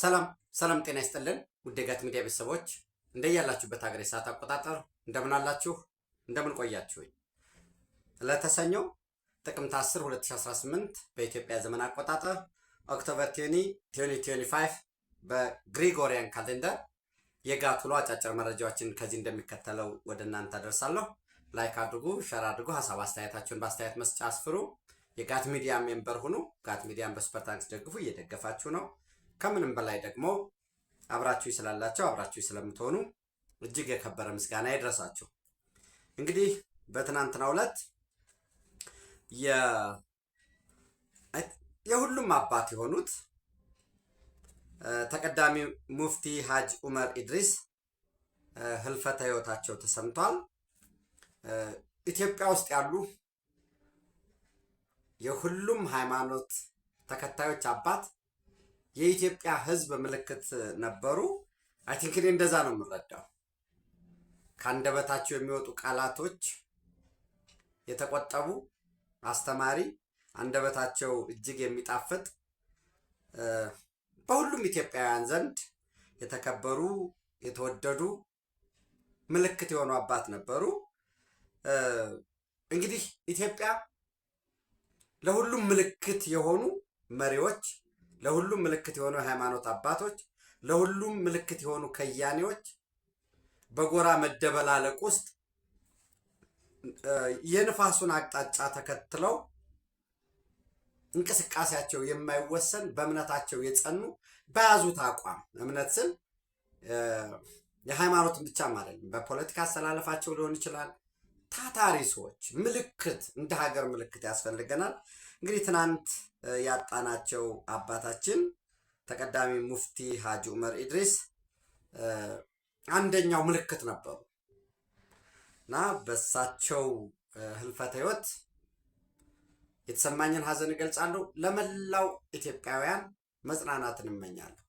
ሰላም ሰላም፣ ጤና ይስጥልን ውድ የጋት ሚዲያ ቤተሰቦች እንደያላችሁበት ሀገር የሰዓት አቆጣጠር እንደምን አላችሁ? እንደምን ቆያችሁኝ? ለተሰኞ ጥቅምት 10 2018 በኢትዮጵያ ዘመን አቆጣጠር ኦክቶበር 20 2025 በግሪጎሪያን ካሌንደር የጋት ውሎ አጫጭር መረጃዎችን ከዚህ እንደሚከተለው ወደ እናንተ አደርሳለሁ። ላይክ አድርጉ፣ ሸር አድርጉ፣ ሀሳብ አስተያየታችሁን በአስተያየት መስጫ አስፍሩ። የጋት ሚዲያ ሜምበር ሁኑ። ጋት ሚዲያን በሱፐርታንክስ ደግፉ፣ እየደገፋችሁ ነው። ከምንም በላይ ደግሞ አብራችሁ ስላላችሁ አብራችሁ ስለምትሆኑ እጅግ የከበረ ምስጋና ይድረሳችሁ። እንግዲህ በትናንትናው ዕለት የሁሉም አባት የሆኑት ተቀዳሚ ሙፍቲ ሀጅ ኡመር ኢድሪስ ህልፈተ ህይወታቸው ተሰምቷል። ኢትዮጵያ ውስጥ ያሉ የሁሉም ሃይማኖት ተከታዮች አባት የኢትዮጵያ ሕዝብ ምልክት ነበሩ። አይ ቲንክ እኔ እንደዛ ነው የምረዳው። ከአንደበታቸው የሚወጡ ቃላቶች የተቆጠቡ አስተማሪ፣ አንደበታቸው እጅግ የሚጣፍጥ በሁሉም ኢትዮጵያውያን ዘንድ የተከበሩ የተወደዱ ምልክት የሆኑ አባት ነበሩ። እንግዲህ ኢትዮጵያ ለሁሉም ምልክት የሆኑ መሪዎች ለሁሉም ምልክት የሆኑ የሃይማኖት አባቶች፣ ለሁሉም ምልክት የሆኑ ከያኔዎች በጎራ መደበላለቅ ውስጥ የንፋሱን አቅጣጫ ተከትለው እንቅስቃሴያቸው የማይወሰን በእምነታቸው የጸኑ በያዙት አቋም እምነት ስል የሃይማኖትን ብቻ ማለት በፖለቲካ አስተላለፋቸው ሊሆን ይችላል። ታታሪ ሰዎች ምልክት እንደ ሀገር ምልክት ያስፈልገናል። እንግዲህ ትናንት ያጣናቸው አባታችን ተቀዳሚ ሙፍቲ ሀጂ ዑመር ኢድሪስ አንደኛው ምልክት ነበሩ እና በሳቸው ህልፈተ ህይወት የተሰማኝን ሀዘን እገልጻለሁ። ለመላው ኢትዮጵያውያን መጽናናትን እመኛለሁ።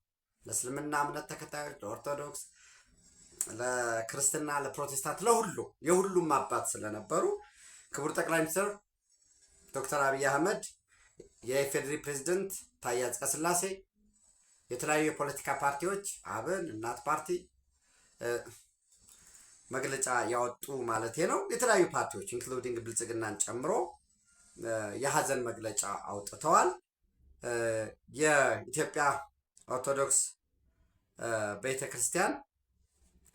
ለእስልምና እምነት ተከታዮች፣ ለኦርቶዶክስ፣ ለክርስትና፣ ለፕሮቴስታንት፣ ለሁሉ የሁሉም አባት ስለነበሩ ክቡር ጠቅላይ ሚኒስትር ዶክተር አብይ አህመድ የኢፌዴሪ ፕሬዝደንት ታዬ አጽቀሥላሴ የተለያዩ የፖለቲካ ፓርቲዎች አብን፣ እናት ፓርቲ መግለጫ ያወጡ ማለት ነው። የተለያዩ ፓርቲዎች ኢንክሉዲንግ ብልጽግናን ጨምሮ የሀዘን መግለጫ አውጥተዋል። የኢትዮጵያ ኦርቶዶክስ ቤተክርስቲያን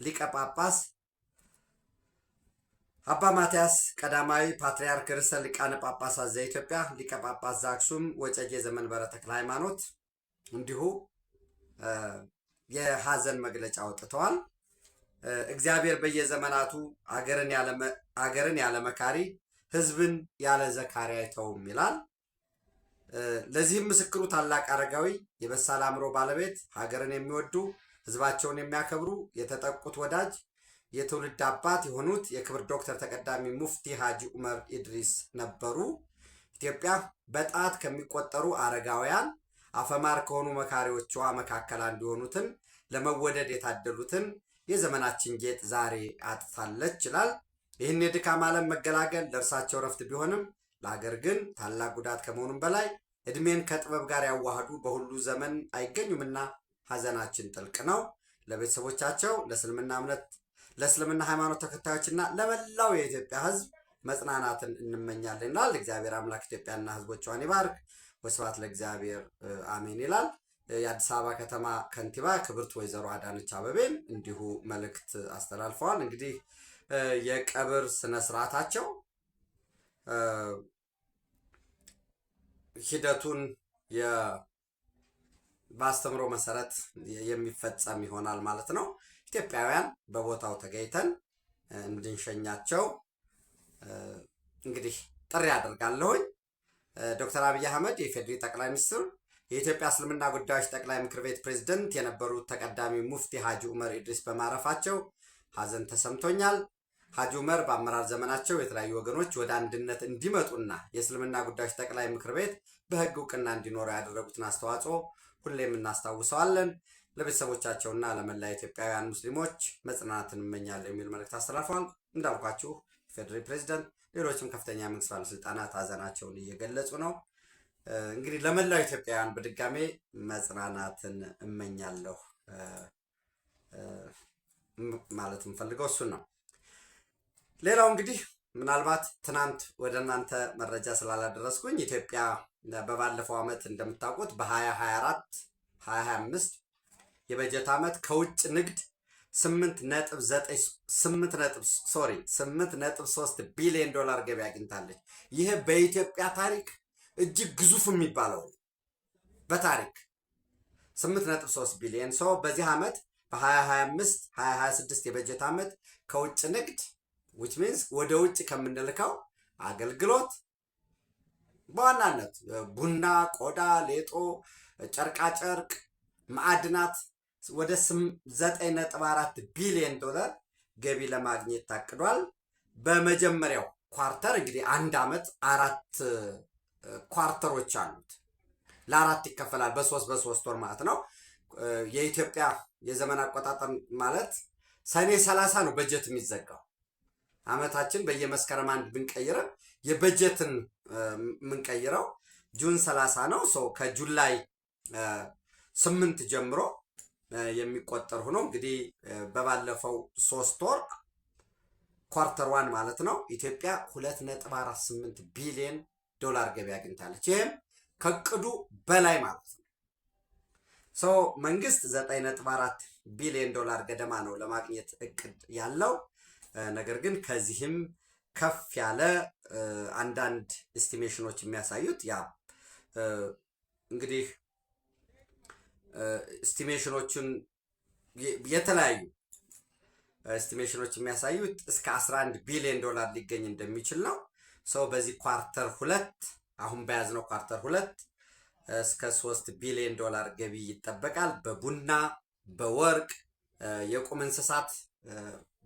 ሊቀ ጳጳስ አባ ማትያስ ቀዳማዊ ፓትርያርክ ርዕሰ ሊቃነ ጳጳሳት ዘኢትዮጵያ ሊቀ ጳጳስ ዘአክሱም ወጨጌ ዘመንበረ ተክለ ሃይማኖት እንዲሁ የሐዘን መግለጫ አውጥተዋል። እግዚአብሔር በየዘመናቱ አገርን ያለ መካሪ ሕዝብን ያለ ዘካሪ አይተውም ይላል። ለዚህም ምስክሩ ታላቅ አረጋዊ የበሳል አእምሮ ባለቤት ሀገርን የሚወዱ ሕዝባቸውን የሚያከብሩ የተጠቁት ወዳጅ የትውልድ አባት የሆኑት የክብር ዶክተር ተቀዳሚ ሙፍቲ ሀጂ ኡመር ኢድሪስ ነበሩ። ኢትዮጵያ በጣት ከሚቆጠሩ አረጋውያን አፈማር ከሆኑ መካሪዎቿ መካከል አንዱ የሆኑትን ለመወደድ የታደሉትን የዘመናችን ጌጥ ዛሬ አጥታለች ይላል። ይህን የድካም ዓለም መገላገል ለእርሳቸው ረፍት ቢሆንም ለሀገር ግን ታላቅ ጉዳት ከመሆኑም በላይ እድሜን ከጥበብ ጋር ያዋህዱ በሁሉ ዘመን አይገኙምና ሀዘናችን ጥልቅ ነው። ለቤተሰቦቻቸው፣ ለእስልምና እምነት ለእስልምና ሃይማኖት ተከታዮችና ለመላው የኢትዮጵያ ህዝብ መጽናናትን እንመኛለን ይላል። እግዚአብሔር አምላክ ኢትዮጵያና ህዝቦቿን ይባርክ። ወስብሐት ለእግዚአብሔር አሜን ይላል። የአዲስ አበባ ከተማ ከንቲባ ክብርት ወይዘሮ አዳነች አበቤም እንዲሁ መልእክት አስተላልፈዋል። እንግዲህ የቀብር ስነስርዓታቸው ሂደቱን በአስተምሮ መሰረት የሚፈጸም ይሆናል ማለት ነው። ኢትዮጵያውያን በቦታው ተገኝተን እንድንሸኛቸው እንግዲህ ጥሪ አደርጋለሁኝ። ዶክተር አብይ አህመድ የፌዴሪ ጠቅላይ ሚኒስትር የኢትዮጵያ እስልምና ጉዳዮች ጠቅላይ ምክር ቤት ፕሬዝደንት የነበሩት ተቀዳሚ ሙፍቲ ሀጂ ኡመር ኢድሪስ በማረፋቸው ሀዘን ተሰምቶኛል። ሀጂ ኡመር በአመራር ዘመናቸው የተለያዩ ወገኖች ወደ አንድነት እንዲመጡና የእስልምና ጉዳዮች ጠቅላይ ምክር ቤት በህግ እውቅና እንዲኖረው ያደረጉትን አስተዋጽኦ ሁሌም እናስታውሰዋለን። ለቤተሰቦቻቸውና ለመላ ኢትዮጵያውያን ሙስሊሞች መጽናናትን እመኛለሁ የሚል መልእክት አስተላልፏል። እንዳልኳችሁ ፌዴሪ ፕሬዚደንት፣ ሌሎችም ከፍተኛ የመንግስት ባለስልጣናት ሀዘናቸውን እየገለጹ ነው። እንግዲህ ለመላው ኢትዮጵያውያን በድጋሜ መጽናናትን እመኛለሁ ማለት የምፈልገው እሱን ነው። ሌላው እንግዲህ ምናልባት ትናንት ወደ እናንተ መረጃ ስላላደረስኩኝ ኢትዮጵያ በባለፈው ዓመት እንደምታውቁት በ2024 2025 የበጀት ዓመት ከውጭ ንግድ 8.3 ቢሊዮን ዶላር ገቢ አግኝታለች። ይህ በኢትዮጵያ ታሪክ እጅግ ግዙፍ የሚባለው በታሪክ 8.3 ቢሊዮን ሰው በዚህ ዓመት በ2025 2026 የበጀት ዓመት ከውጭ ንግድ ዊች ሚንስ ወደ ውጭ ከምንልከው አገልግሎት በዋናነት ቡና፣ ቆዳ፣ ሌጦ፣ ጨርቃጨርቅ፣ ማዕድናት ወደ 9.4 ቢሊዮን ዶላር ገቢ ለማግኘት ታቅዷል። በመጀመሪያው ኳርተር እንግዲህ አንድ ዓመት አራት ኳርተሮች አሉት፣ ለአራት ይከፈላል፣ በሶስት በሶስት ወር ማለት ነው። የኢትዮጵያ የዘመን አቆጣጠር ማለት ሰኔ 30 ነው በጀት የሚዘጋው። አመታችን በየመስከረም አንድ ብንቀይረ የበጀትን የምንቀይረው ጁን 30 ነው። ሰው ከጁላይ ስምንት ጀምሮ የሚቆጠር ሆኖ እንግዲህ በባለፈው ሶስት ወር ኳርተር ዋን ማለት ነው ኢትዮጵያ ሁለት ነጥብ አራት ስምንት ቢሊዮን ዶላር ገቢ አግኝታለች። ይህም ከእቅዱ በላይ ማለት ነው። ሰው መንግስት ዘጠኝ ነጥብ አራት ቢሊዮን ዶላር ገደማ ነው ለማግኘት እቅድ ያለው። ነገር ግን ከዚህም ከፍ ያለ አንዳንድ ኤስቲሜሽኖች የሚያሳዩት ያ እንግዲህ እስቲሜሽኖችን የተለያዩ ስቲሜሽኖች የሚያሳዩት እስከ 11 ቢሊዮን ዶላር ሊገኝ እንደሚችል ነው። ሰው በዚህ ኳርተር ሁለት አሁን በያዝነው ኳርተር ሁለት እስከ 3 ቢሊዮን ዶላር ገቢ ይጠበቃል። በቡና በወርቅ የቁም እንስሳት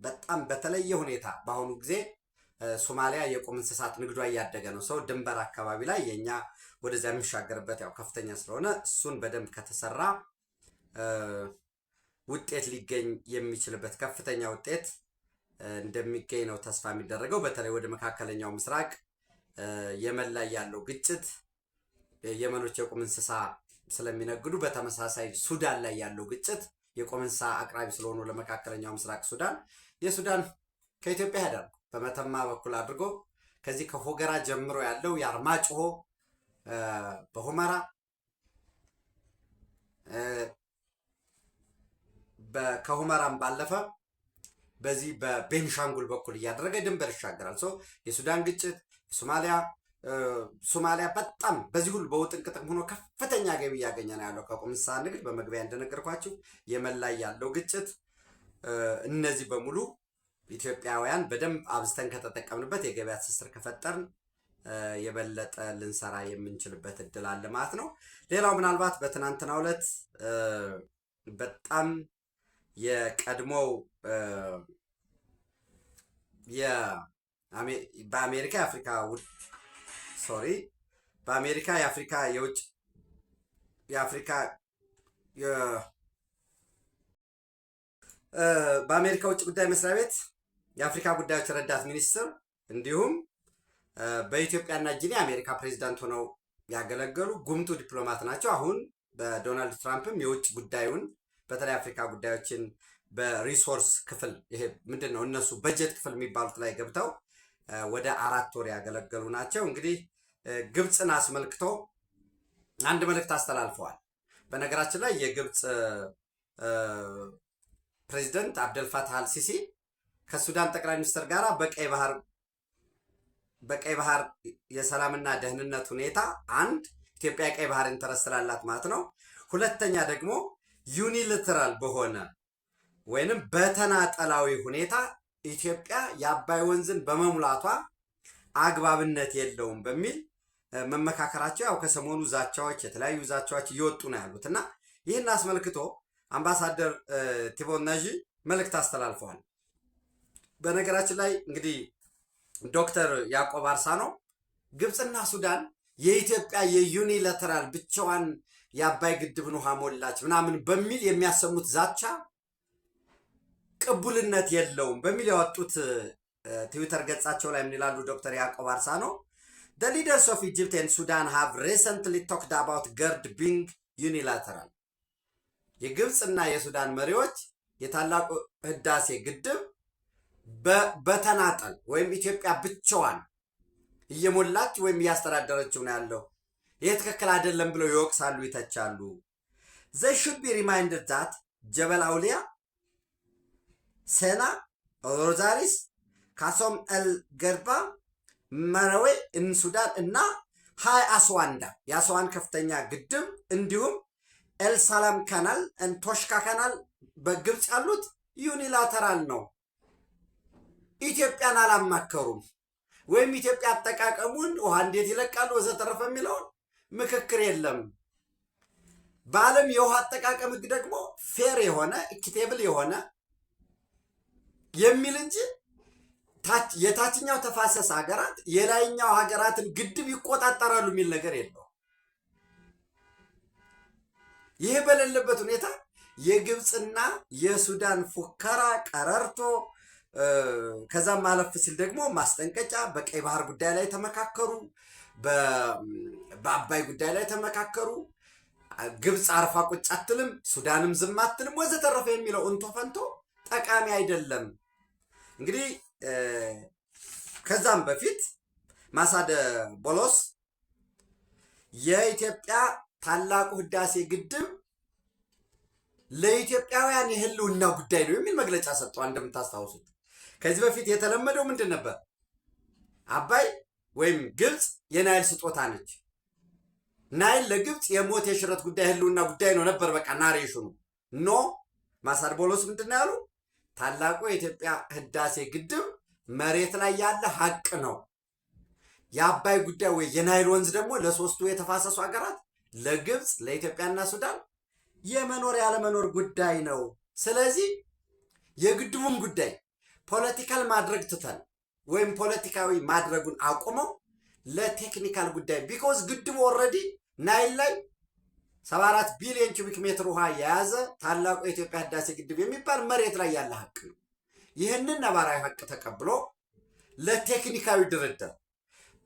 በጣም በተለየ ሁኔታ በአሁኑ ጊዜ ሶማሊያ የቁም እንስሳት ንግዷ እያደገ ነው። ሰው ድንበር አካባቢ ላይ የእኛ ወደዚያ የሚሻገርበት ያው ከፍተኛ ስለሆነ እሱን በደንብ ከተሰራ ውጤት ሊገኝ የሚችልበት ከፍተኛ ውጤት እንደሚገኝ ነው ተስፋ የሚደረገው። በተለይ ወደ መካከለኛው ምስራቅ የመን ላይ ያለው ግጭት የመኖች የቁም እንስሳ ስለሚነግዱ፣ በተመሳሳይ ሱዳን ላይ ያለው ግጭት የቁም እንስሳ አቅራቢ ስለሆኑ ለመካከለኛው ምስራቅ ሱዳን የሱዳን ከኢትዮጵያ ያዳሉ በመተማ በኩል አድርጎ ከዚህ ከሆገራ ጀምሮ ያለው የአርማጭሆ በሆመራ ከሁመራም ባለፈ በዚህ በቤንሻንጉል በኩል እያደረገ ድንበር ይሻገራል። ሰው የሱዳን ግጭት ሶማሊያ ሶማሊያ በጣም በዚህ ሁሉ በውጥንቅጥም ሆኖ ከፍተኛ ገቢ እያገኘ ነው ያለው ከቁም ንግድ። በመግቢያ እንደነገርኳችሁ የመን ላይ ያለው ግጭት፣ እነዚህ በሙሉ ኢትዮጵያውያን በደንብ አብዝተን ከተጠቀምንበት የገበያ ትስስር ከፈጠርን የበለጠ ልንሰራ የምንችልበት እድል አለ ማለት ነው። ሌላው ምናልባት በትናንትናው ዕለት በጣም የቀድሞው በአሜሪካ የአፍሪካ ሶሪ በአሜሪካ የአፍሪካ የውጭ የአፍሪካ በአሜሪካ ውጭ ጉዳይ መስሪያ ቤት የአፍሪካ ጉዳዮች ረዳት ሚኒስትር እንዲሁም በኢትዮጵያና ጊኒ የአሜሪካ ፕሬዚዳንት ሆነው ያገለገሉ ጉምቱ ዲፕሎማት ናቸው። አሁን በዶናልድ ትራምፕም የውጭ ጉዳዩን በተለይ አፍሪካ ጉዳዮችን በሪሶርስ ክፍል ይሄ ምንድን ነው እነሱ በጀት ክፍል የሚባሉት ላይ ገብተው ወደ አራት ወር ያገለገሉ ናቸው። እንግዲህ ግብፅን አስመልክቶ አንድ መልእክት አስተላልፈዋል። በነገራችን ላይ የግብፅ ፕሬዚደንት አብደልፋታህ አልሲሲ ከሱዳን ጠቅላይ ሚኒስትር ጋር በቀይ ባህር በቀይ ባህር የሰላምና ደህንነት ሁኔታ አንድ ኢትዮጵያ ቀይ ባህር ኢንተረስ ስላላት ማለት ነው። ሁለተኛ ደግሞ ዩኒሊትራል በሆነ ወይንም በተናጠላዊ ሁኔታ ኢትዮጵያ የአባይ ወንዝን በመሙላቷ አግባብነት የለውም በሚል መመካከራቸው ያው ከሰሞኑ ዛቻዎች፣ የተለያዩ ዛቻዎች እየወጡ ነው ያሉት እና ይህን አስመልክቶ አምባሳደር ቲቦናዢ መልእክት አስተላልፈዋል። በነገራችን ላይ እንግዲህ ዶክተር ያዕቆብ ነው። ግብፅና ሱዳን የኢትዮጵያ የዩኒላተራል ብቻዋን የአባይ ግድብን ውሃ ሞላች ምናምን በሚል የሚያሰሙት ዛቻ ቅቡልነት የለውም በሚል ያወጡት ትዊተር ገጻቸው ላይ ምን ይላሉ? ዶክተር ያዕቆብ ነው ዘ ሊደርስ ኦፍ ኢጅፕት ኤንድ ሱዳን ሃቭ ሬሰንትሊ ቶክድ አባውት ገርድ ቢንግ ዩኒላተራል የግብፅና የሱዳን መሪዎች የታላቁ ህዳሴ ግድብ በተናጠል ወይም ኢትዮጵያ ብቻዋን እየሞላች ወይም እያስተዳደረችው ነው ያለው። ይህ ትክክል አይደለም ብለው ይወቅሳሉ፣ ይተቻሉ። ዘይ ሹድ ቢ ሪማይንደድ ዛት ጀበል አውሊያ፣ ሴና፣ ሮዛሪስ፣ ካሶም ኤል ገርባ፣ መረዌ እን እና ሀይ አስዋንዳ የአስዋን ከፍተኛ ግድብ እንዲሁም ኤልሳላም ካናል፣ ቶሽካ ካናል በግብፅ ያሉት ዩኒላተራል ነው። ኢትዮጵያን አላማከሩም። ወይም ኢትዮጵያ አጠቃቀሙን ውሃ እንዴት ይለቃሉ ወዘተረፈ የሚለውን ምክክር የለም። በዓለም የውሃ አጠቃቀም ህግ ደግሞ ፌር የሆነ ኢኪቴብል የሆነ የሚል እንጂ የታችኛው ተፋሰስ ሀገራት የላይኛው ሀገራትን ግድብ ይቆጣጠራሉ የሚል ነገር የለው። ይህ በሌለበት ሁኔታ የግብፅና የሱዳን ፉከራ ቀረርቶ ከዛም አለፍ ሲል ደግሞ ማስጠንቀጫ በቀይ ባህር ጉዳይ ላይ ተመካከሩ፣ በአባይ ጉዳይ ላይ ተመካከሩ። ግብፅ አርፋ ቁጭ አትልም፣ ሱዳንም ዝም አትልም፣ ወዘተረፈ የሚለው እንቶ ፈንቶ ጠቃሚ አይደለም። እንግዲህ ከዛም በፊት ማሳደ ቦሎስ የኢትዮጵያ ታላቁ ህዳሴ ግድብ ለኢትዮጵያውያን የህልውና ጉዳይ ነው የሚል መግለጫ ሰጠዋል። እንደምታስታውሱት። ከዚህ በፊት የተለመደው ምንድን ነበር? አባይ ወይም ግብፅ የናይል ስጦታ ነች። ናይል ለግብፅ የሞት የሽረት ጉዳይ ህልውና ጉዳይ ነው ነበር በቃ ናሬሽኑ። ኖ ማሳድ ቦሎስ ምንድን ነው ያሉ? ታላቁ የኢትዮጵያ ህዳሴ ግድብ መሬት ላይ ያለ ሀቅ ነው። የአባይ ጉዳይ ወይ የናይል ወንዝ ደግሞ ለሶስቱ የተፋሰሱ ሀገራት ለግብፅ፣ ለኢትዮጵያና ሱዳን የመኖር ያለመኖር ጉዳይ ነው። ስለዚህ የግድቡም ጉዳይ ፖለቲካል ማድረግ ትተን ወይም ፖለቲካዊ ማድረጉን አቁመው ለቴክኒካል ጉዳይ ቢኮዝ ግድቡ ኦልሬዲ ናይል ላይ 74 ቢሊዮን ኪቢክ ሜትር ውሃ የያዘ ታላቁ የኢትዮጵያ ህዳሴ ግድብ የሚባል መሬት ላይ ያለ ሀቅ ነው። ይህንን ነባራዊ ሀቅ ተቀብሎ ለቴክኒካዊ ድርድር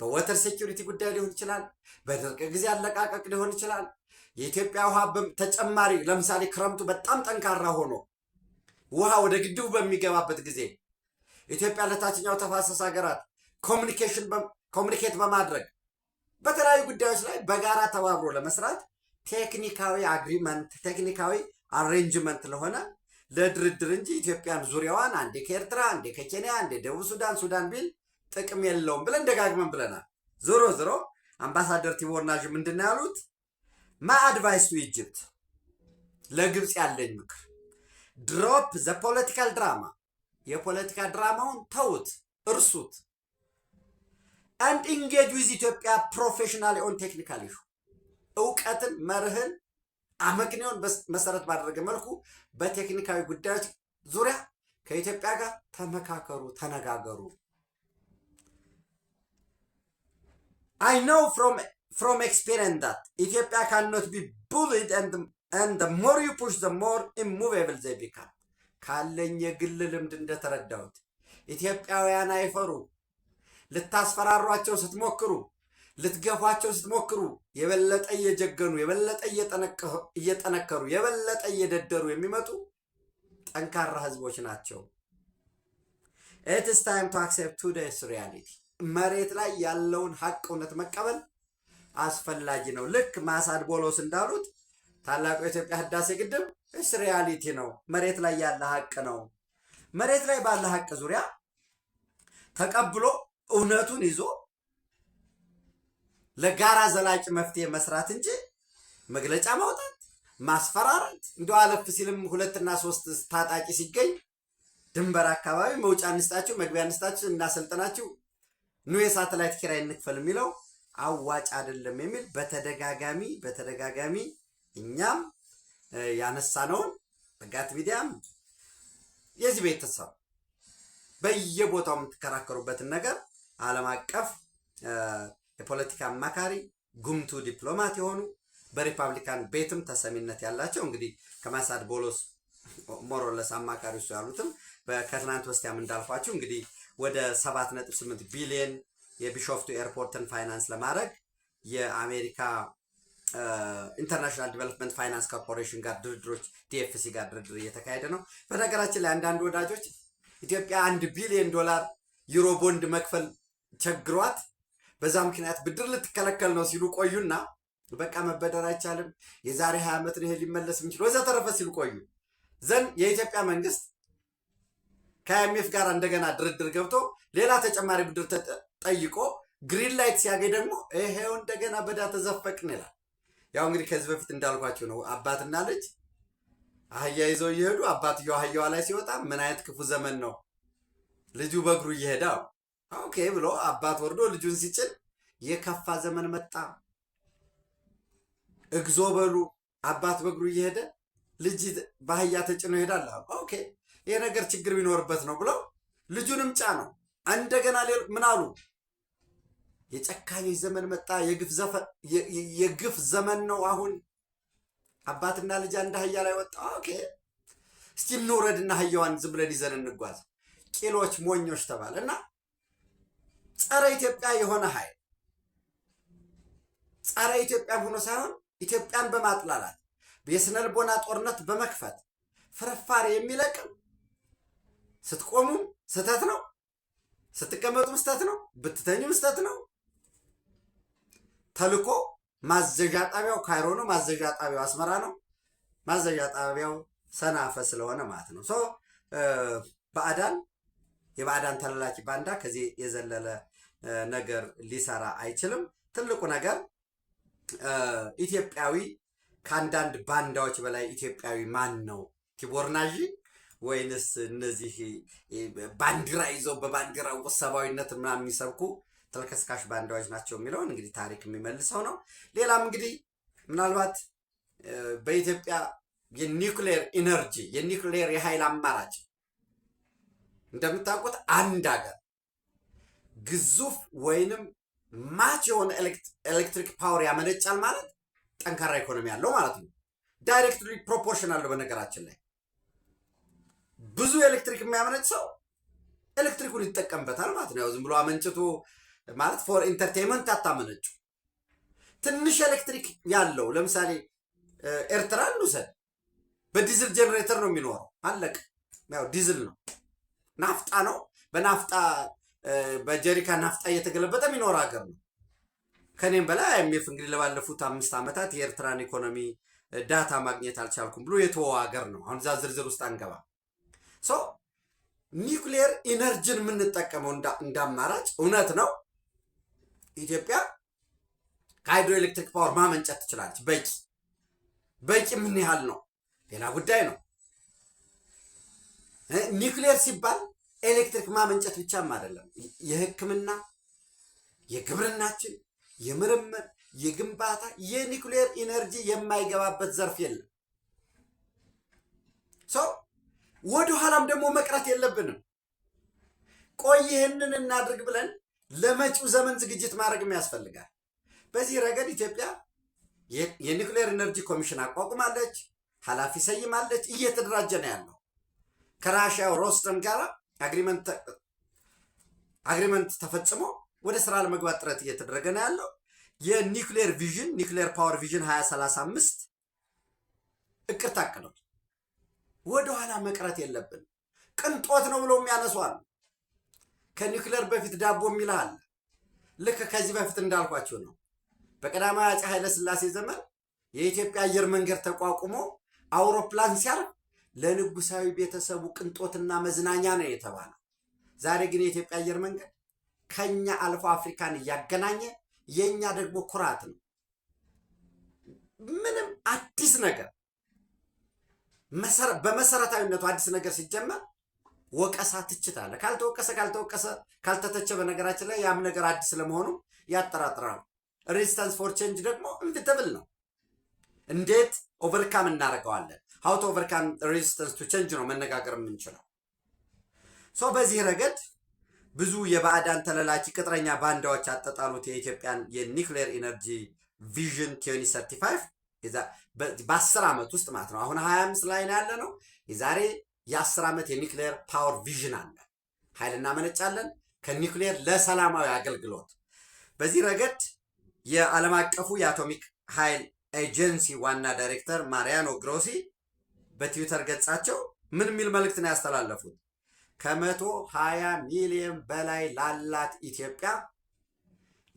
በወተር ሴኪሪቲ ጉዳይ ሊሆን ይችላል፣ በድርቅ ጊዜ አለቃቀቅ ሊሆን ይችላል። የኢትዮጵያ ውሃ ተጨማሪ ለምሳሌ ክረምቱ በጣም ጠንካራ ሆኖ ውሃ ወደ ግድቡ በሚገባበት ጊዜ ኢትዮጵያ ለታችኛው ተፋሰስ ሀገራት ኮሚኒኬሽን ኮሚኒኬት በማድረግ በተለያዩ ጉዳዮች ላይ በጋራ ተባብሮ ለመስራት ቴክኒካዊ አግሪመንት ቴክኒካዊ አሬንጅመንት ለሆነ ለድርድር እንጂ ኢትዮጵያን ዙሪያዋን አንዴ ከኤርትራ አንዴ ከኬንያ አንዴ ደቡብ ሱዳን ሱዳን ቢል ጥቅም የለውም ብለን ደጋግመን ብለናል። ዞሮ ዞሮ አምባሳደር ቲቦርናዥ ምንድን ነው ያሉት? ማ አድቫይስ ቱ ኢጅፕት ለግብፅ ያለኝ ምክር ድሮፕ ዘ ፖለቲካል ድራማ የፖለቲካ ድራማውን ተውት፣ እርሱት። አንድ ኢንጌጅ ዊዝ ኢትዮጵያ ፕሮፌሽናል ኦን ቴክኒካል ኢሹ እውቀትን፣ መርህን፣ አመክንዮን መሰረት ባደረገ መልኩ በቴክኒካዊ ጉዳዮች ዙሪያ ከኢትዮጵያ ጋር ተመካከሩ፣ ተነጋገሩ። አይ ኖው ፍሮም ኤክስፔሪንስ ዳት ኢትዮጵያ ካንኖት ቢ ቡሊድ ኤንድ ሞር ዩ ፑሽ ዘ ሞር ኢሙቬብል ዘይ ቢካም ካለኝ የግል ልምድ እንደተረዳሁት ኢትዮጵያውያን አይፈሩ። ልታስፈራሯቸው ስትሞክሩ፣ ልትገፏቸው ስትሞክሩ የበለጠ እየጀገኑ የበለጠ እየጠነከሩ የበለጠ እየደደሩ የሚመጡ ጠንካራ ህዝቦች ናቸው። ኢትስ ታይም ቱ አክሴፕት ቱዴይስ ሪያሊቲ። መሬት ላይ ያለውን ሀቅ እውነት መቀበል አስፈላጊ ነው። ልክ ማሳድ ቦሎስ እንዳሉት ታላቁ የኢትዮጵያ ህዳሴ ግድብ እስ ሪያሊቲ ነው። መሬት ላይ ያለ ሀቅ ነው። መሬት ላይ ባለ ሀቅ ዙሪያ ተቀብሎ እውነቱን ይዞ ለጋራ ዘላቂ መፍትሄ መስራት እንጂ መግለጫ ማውጣት፣ ማስፈራራት እንዲ አለፍ ሲልም ሁለትና ሶስት ታጣቂ ሲገኝ ድንበር አካባቢ መውጫ እንስጣችሁ፣ መግቢያ እንስጣችሁ፣ እናሰልጥናችሁ፣ ኑ የሳተላይት ኪራይ እንክፈል የሚለው አዋጭ አይደለም የሚል በተደጋጋሚ በተደጋጋሚ እኛም ያነሳነውን በጋት ሚዲያም የዚህ ቤተሰብ በየቦታው የምትከራከሩበትን ነገር ዓለም አቀፍ የፖለቲካ አማካሪ ጉምቱ ዲፕሎማት የሆኑ በሪፐብሊካን ቤትም ተሰሚነት ያላቸው እንግዲህ ከማሳድ ቦሎስ ሞሮለስ አማካሪ እሱ ያሉትም ከትናንት ወስቲያም እንዳልኳችሁ እንግዲህ ወደ 7.8 ቢሊየን የቢሾፍቱ ኤርፖርትን ፋይናንስ ለማድረግ የአሜሪካ ኢንተርናሽናል ዲቨሎፕመንት ፋይናንስ ኮርፖሬሽን ጋር ድርድሮች ዲኤፍሲ ጋር ድርድር እየተካሄደ ነው። በነገራችን ላይ አንዳንድ ወዳጆች ኢትዮጵያ አንድ ቢሊዮን ዶላር ዩሮ ቦንድ መክፈል ቸግሯት በዛ ምክንያት ብድር ልትከለከል ነው ሲሉ ቆዩና በቃ መበደር አይቻልም የዛሬ ሀያ ዓመት ይሄ ሊመለስ የሚችል ወዘተረፈ ሲሉ ቆዩ ዘን የኢትዮጵያ መንግስት ከአይኤምኤፍ ጋር እንደገና ድርድር ገብቶ ሌላ ተጨማሪ ብድር ጠይቆ ግሪን ላይት ሲያገኝ ደግሞ ይሄው እንደገና በዳ ተዘፈቅን ይላል። ያው እንግዲህ ከዚህ በፊት እንዳልኳቸው ነው። አባትና ልጅ አህያ ይዘው እየሄዱ አባትየው አህያዋ ላይ ሲወጣ ምን አይነት ክፉ ዘመን ነው፣ ልጁ በእግሩ እየሄዳ ኦኬ ብሎ አባት ወርዶ ልጁን ሲጭን የከፋ ዘመን መጣ። እግዞ በሉ አባት በእግሩ እየሄደ ልጅ በአህያ ተጭኖ ይሄዳል። ኦኬ ይሄ ነገር ችግር ቢኖርበት ነው ብለው ልጁንም ነው? እንደገና ምን አሉ? የጨካኞች ዘመን መጣ። የግፍ ዘመን ነው አሁን። አባትና ልጅ አንድ አህያ ላይ ወጣ። ኦኬ እስቲ እንውረድና አህያዋን ዝም ብለን ይዘን እንጓዝ። ቂሎች፣ ሞኞች ተባለ እና ጸረ ኢትዮጵያ የሆነ ኃይል ጸረ ኢትዮጵያም ሆኖ ሳይሆን ኢትዮጵያን በማጥላላት የስነልቦና ጦርነት በመክፈት ፍርፋሪ የሚለቅም ስትቆሙም ስህተት ነው፣ ስትቀመጡም ስህተት ነው፣ ብትተኙም ስህተት ነው፣ ተልኮ ማዘዣ ጣቢያው ካይሮ ነው። ማዘዣ ጣቢያው አስመራ ነው። ማዘዣ ጣቢያው ሰናፈ ስለሆነ ማለት ነው። ባዕዳን የባዕዳን ተላላኪ ባንዳ ከዚህ የዘለለ ነገር ሊሰራ አይችልም። ትልቁ ነገር ኢትዮጵያዊ ከአንዳንድ ባንዳዎች በላይ ኢትዮጵያዊ ማን ነው? ቲቦርናዥ ወይንስ እነዚህ ባንዲራ ይዘው በባንዲራ ሰብአዊነት ምናምን የሚሰብኩ ተልከስካሽ ባንዳዎች ናቸው የሚለውን እንግዲህ ታሪክ የሚመልሰው ነው። ሌላም እንግዲህ ምናልባት በኢትዮጵያ የኒውክሌር ኢነርጂ የኒውክሌር የኃይል አማራጭ እንደምታውቁት አንድ ሀገር ግዙፍ ወይንም ማች የሆነ ኤሌክትሪክ ፓወር ያመነጫል ማለት ጠንካራ ኢኮኖሚ አለው ማለት ነው። ዳይሬክትሊ ፕሮፖርሽናል ነው። በነገራችን ላይ ብዙ ኤሌክትሪክ የሚያመነጭ ሰው ኤሌክትሪኩን ይጠቀምበታል ማለት ነው። ዝም ብሎ አመንጭቱ ማለት ፎር ኢንተርቴንመንት አታመነጩ። ትንሽ ኤሌክትሪክ ያለው ለምሳሌ uh, ኤርትራ እንውሰድ። በዲዝል ጀኔሬተር ነው የሚኖረው። አለቅ ያው ዲዝል ነው፣ ናፍጣ ነው። በናፍጣ uh, በጀሪካ ናፍጣ እየተገለበጠ የሚኖር ሀገር ነው። ከኔም በላይ አይኤምኤፍ እንግዲህ ለባለፉት አምስት ዓመታት የኤርትራን ኢኮኖሚ ዳታ ማግኘት አልቻልኩም ብሎ የተወ ሀገር ነው። አሁን እዛ ዝርዝር ውስጥ አንገባ። ሶ ኒውክሌር ኢነርጂን የምንጠቀመው እንደ አማራጭ እውነት ነው ኢትዮጵያ ከሃይድሮ ኤሌክትሪክ ፓወር ማመንጨት ትችላለች። በቂ በቂ ምን ያህል ነው ሌላ ጉዳይ ነው። ኒውክሌር ሲባል ኤሌክትሪክ ማመንጨት ብቻም አይደለም። የሕክምና የግብርናችን፣ የምርምር፣ የግንባታ የኒውክሌር ኢነርጂ የማይገባበት ዘርፍ የለም። ሰው ወደ ኋላም ደግሞ መቅረት የለብንም። ቆይ ይህንን እናድርግ ብለን ለመጪው ዘመን ዝግጅት ማድረግም ያስፈልጋል። በዚህ ረገድ ኢትዮጵያ የኒውክሌር ኤነርጂ ኮሚሽን አቋቁማለች፣ ኃላፊ ሰይማለች፣ እየተደራጀ ነው ያለው። ከራሽያው ሮስተም ጋር አግሪመንት ተፈጽሞ ወደ ስራ ለመግባት ጥረት እየተደረገ ነው ያለው። የኒውክሌር ቪዥን ኒውክሌር ፓወር ቪዥን 2035 እቅድ ታቅዷል። ወደኋላ መቅረት የለብን። ቅንጦት ነው ብሎ የሚያነሷል። ከኒውክሌር በፊት ዳቦ የሚል አለ። ልክ ከዚህ በፊት እንዳልኳቸው ነው። በቀዳማዊ አፄ ስላሴ ዘመን የኢትዮጵያ አየር መንገድ ተቋቁሞ አውሮፕላን ሲያርፍ ለንጉሳዊ ቤተሰቡ ቅንጦትና መዝናኛ ነው የተባለው። ዛሬ ግን የኢትዮጵያ አየር መንገድ ከኛ አልፎ አፍሪካን እያገናኘ የእኛ ደግሞ ኩራት ነው። ምንም አዲስ ነገር በመሰረታዊነቱ አዲስ ነገር ሲጀመር ወቀሳ፣ ትችት አለ። ካልተወቀሰ ካልተወቀሰ ካልተተቸ፣ በነገራችን ላይ ያም ነገር አዲስ ስለመሆኑ ያጠራጥራል። ሬዚስታንስ ፎር ቼንጅ ደግሞ ኢንቪተብል ነው። እንዴት ኦቨርካም እናደርገዋለን? ሀውቶ ኦቨርካም ሬዚስታንስ ቱ ቼንጅ ነው መነጋገር የምንችለው። ሶ በዚህ ረገድ ብዙ የባዕዳን ተለላኪ ቅጥረኛ ባንዳዎች ያጠጣሉት የኢትዮጵያን የኒክሌር ኢነርጂ ቪዥን 2035 በአስር ዓመት ውስጥ ማለት ነው። አሁን 25 ላይ ያለ ነው የዛሬ የአስር ዓመት የኒክሌር ፓወር ቪዥን አለ። ኃይል እናመነጫለን ከኒክሌር ለሰላማዊ አገልግሎት። በዚህ ረገድ የዓለም አቀፉ የአቶሚክ ኃይል ኤጀንሲ ዋና ዳይሬክተር ማሪያኖ ግሮሲ በትዊተር ገጻቸው ምን የሚል መልእክት ነው ያስተላለፉት? ከመቶ ሀያ ሚሊዮን በላይ ላላት ኢትዮጵያ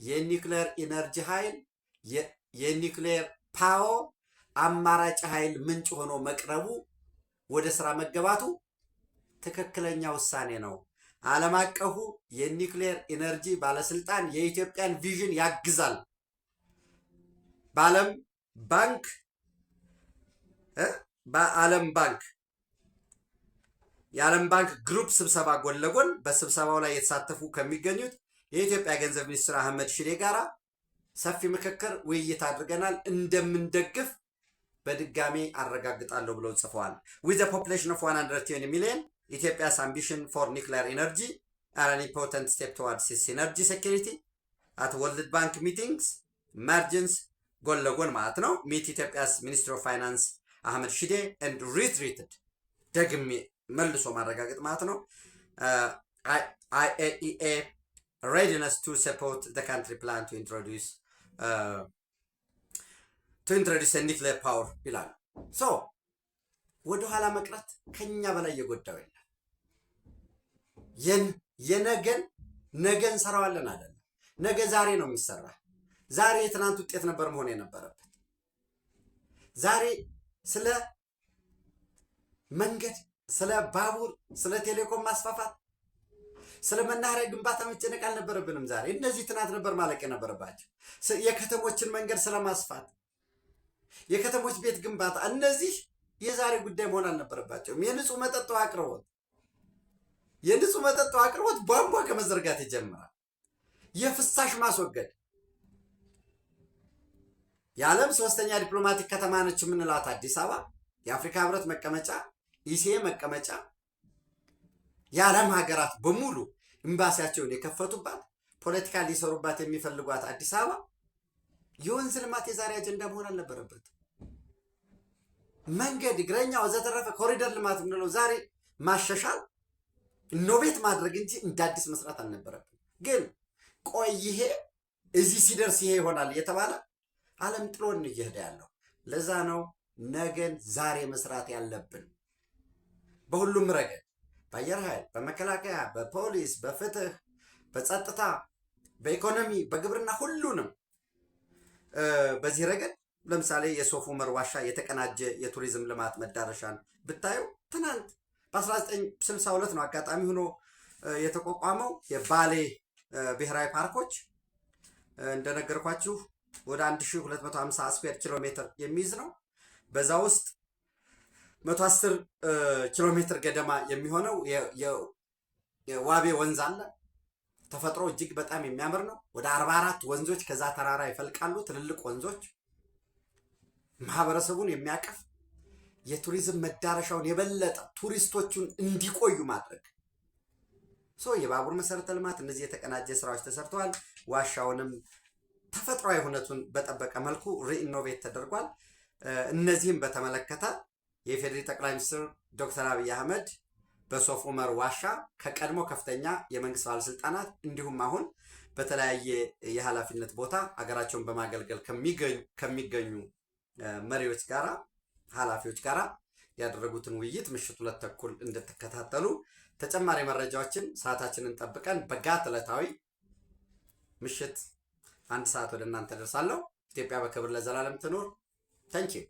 የኒክሌር ኢነርጂ ኃይል የኒክሌር ፓወር አማራጭ ኃይል ምንጭ ሆኖ መቅረቡ ወደ ስራ መገባቱ ትክክለኛ ውሳኔ ነው። ዓለም አቀፉ የኒውክሌር ኢነርጂ ባለስልጣን የኢትዮጵያን ቪዥን ያግዛል። በዓለም ባንክ በዓለም ባንክ የዓለም ባንክ ግሩፕ ስብሰባ ጎን ለጎን በስብሰባው ላይ የተሳተፉ ከሚገኙት የኢትዮጵያ ገንዘብ ሚኒስትር አህመድ ሽዴ ጋራ ሰፊ ምክክር ውይይት አድርገናል። እንደምንደግፍ በድጋሚ አረጋግጣለሁ ብለው ጽፈዋል። ዊዘ ፖፕሌሽን ኦፍ 110 ሚሊዮን ኢትዮጵያስ አምቢሽን ፎር ኒክሊር ኤነርጂ አር አን ኢምፖርታንት ስቴፕ ቶዋርድስ ኢትስ ኤነርጂ ሴኩሪቲ አት ወርልድ ባንክ ሚቲንግስ ኢመርጀንስ ጎን ለጎን ማለት ነው ሚት ኢትዮጵያስ ሚኒስትር ኦፍ ፋይናንስ አህመድ ሺዴ ኤንድ ሪትሪትድ ደግሜ መልሶ ማረጋገጥ ማለት ነው አይኤኢኤ ሬዲነስ ቱ ሰፖርት ዘ ካንትሪ ፕላን ቱ ኢንትሮዲስ ቱ ኢንትሮዲስ ኒክሌ ፓወር ይላል። ሶ ወደኋላ መቅረት ከኛ በላይ የጎዳው የለም። የነገን ነገ እንሰራዋለን አለን። ነገ ዛሬ ነው የሚሰራ። ዛሬ የትናንት ውጤት ነበር መሆን የነበረበት። ዛሬ ስለ መንገድ፣ ስለ ባቡር፣ ስለ ቴሌኮም ማስፋፋት፣ ስለ መናኸሪያ ግንባታ መጨነቅ አልነበረብንም። ዛሬ እነዚህ ትናንት ነበር ማለቅ የነበረባቸው። የከተሞችን መንገድ ስለማስፋት የከተሞች ቤት ግንባታ፣ እነዚህ የዛሬ ጉዳይ መሆን አልነበረባቸውም። የንጹህ መጠጥ አቅርቦት የንጹህ መጠጥ አቅርቦት ቧንቧ ከመዘርጋት ይጀምራል። የፍሳሽ ማስወገድ የዓለም ሶስተኛ ዲፕሎማቲክ ከተማ ነች የምንላት አዲስ አበባ የአፍሪካ ህብረት መቀመጫ፣ ኢሴ መቀመጫ፣ የዓለም ሀገራት በሙሉ ኤምባሲያቸውን የከፈቱባት ፖለቲካ ሊሰሩባት የሚፈልጓት አዲስ አበባ የወንዝ ልማት የዛሬ አጀንዳ መሆን አልነበረበት። መንገድ፣ እግረኛው፣ ዘተረፈ ኮሪደር ልማት የምንለው ዛሬ ማሻሻል ኢኖቬት ማድረግ እንጂ እንደ አዲስ መስራት አልነበረብን። ግን ቆይ ይሄ እዚህ ሲደርስ ይሄ ይሆናል እየተባለ ዓለም ጥሎን እየሄደ ያለው ለዛ ነው። ነገን ዛሬ መስራት ያለብን በሁሉም ረገድ በአየር ኃይል፣ በመከላከያ፣ በፖሊስ፣ በፍትህ፣ በጸጥታ፣ በኢኮኖሚ፣ በግብርና ሁሉንም በዚህ ረገድ ለምሳሌ የሶፍ ዑመር ዋሻ የተቀናጀ የቱሪዝም ልማት መዳረሻን ብታየው ትናንት በ1962 ነው አጋጣሚ ሆኖ የተቋቋመው የባሌ ብሔራዊ ፓርኮች እንደነገርኳችሁ ወደ 1250 ስኩዌር ኪሎ ሜትር የሚይዝ ነው። በዛ ውስጥ 110 ኪሎ ሜትር ገደማ የሚሆነው የዋቤ ወንዝ አለ። ተፈጥሮ እጅግ በጣም የሚያምር ነው። ወደ አርባ አራት ወንዞች ከዛ ተራራ ይፈልቃሉ። ትልልቅ ወንዞች ማህበረሰቡን የሚያቅፍ የቱሪዝም መዳረሻውን የበለጠ ቱሪስቶቹን እንዲቆዩ ማድረግ ሶ የባቡር መሰረተ ልማት እነዚህ የተቀናጀ ስራዎች ተሰርተዋል። ዋሻውንም ተፈጥሯዊ ሁነቱን በጠበቀ መልኩ ሪኢኖቬት ተደርጓል። እነዚህም በተመለከተ የኢፌዴሪ ጠቅላይ ሚኒስትር ዶክተር አብይ አህመድ በሶፍ ዑመር ዋሻ ከቀድሞ ከፍተኛ የመንግስት ባለስልጣናት እንዲሁም አሁን በተለያየ የኃላፊነት ቦታ አገራቸውን በማገልገል ከሚገኙ መሪዎች ጋራ ኃላፊዎች ጋራ ያደረጉትን ውይይት ምሽት ሁለት ተኩል እንድትከታተሉ ተጨማሪ መረጃዎችን ሰዓታችንን ጠብቀን በጋት ዕለታዊ ምሽት አንድ ሰዓት ወደ እናንተ ደርሳለሁ። ኢትዮጵያ በክብር ለዘላለም ትኖር። ተንኪው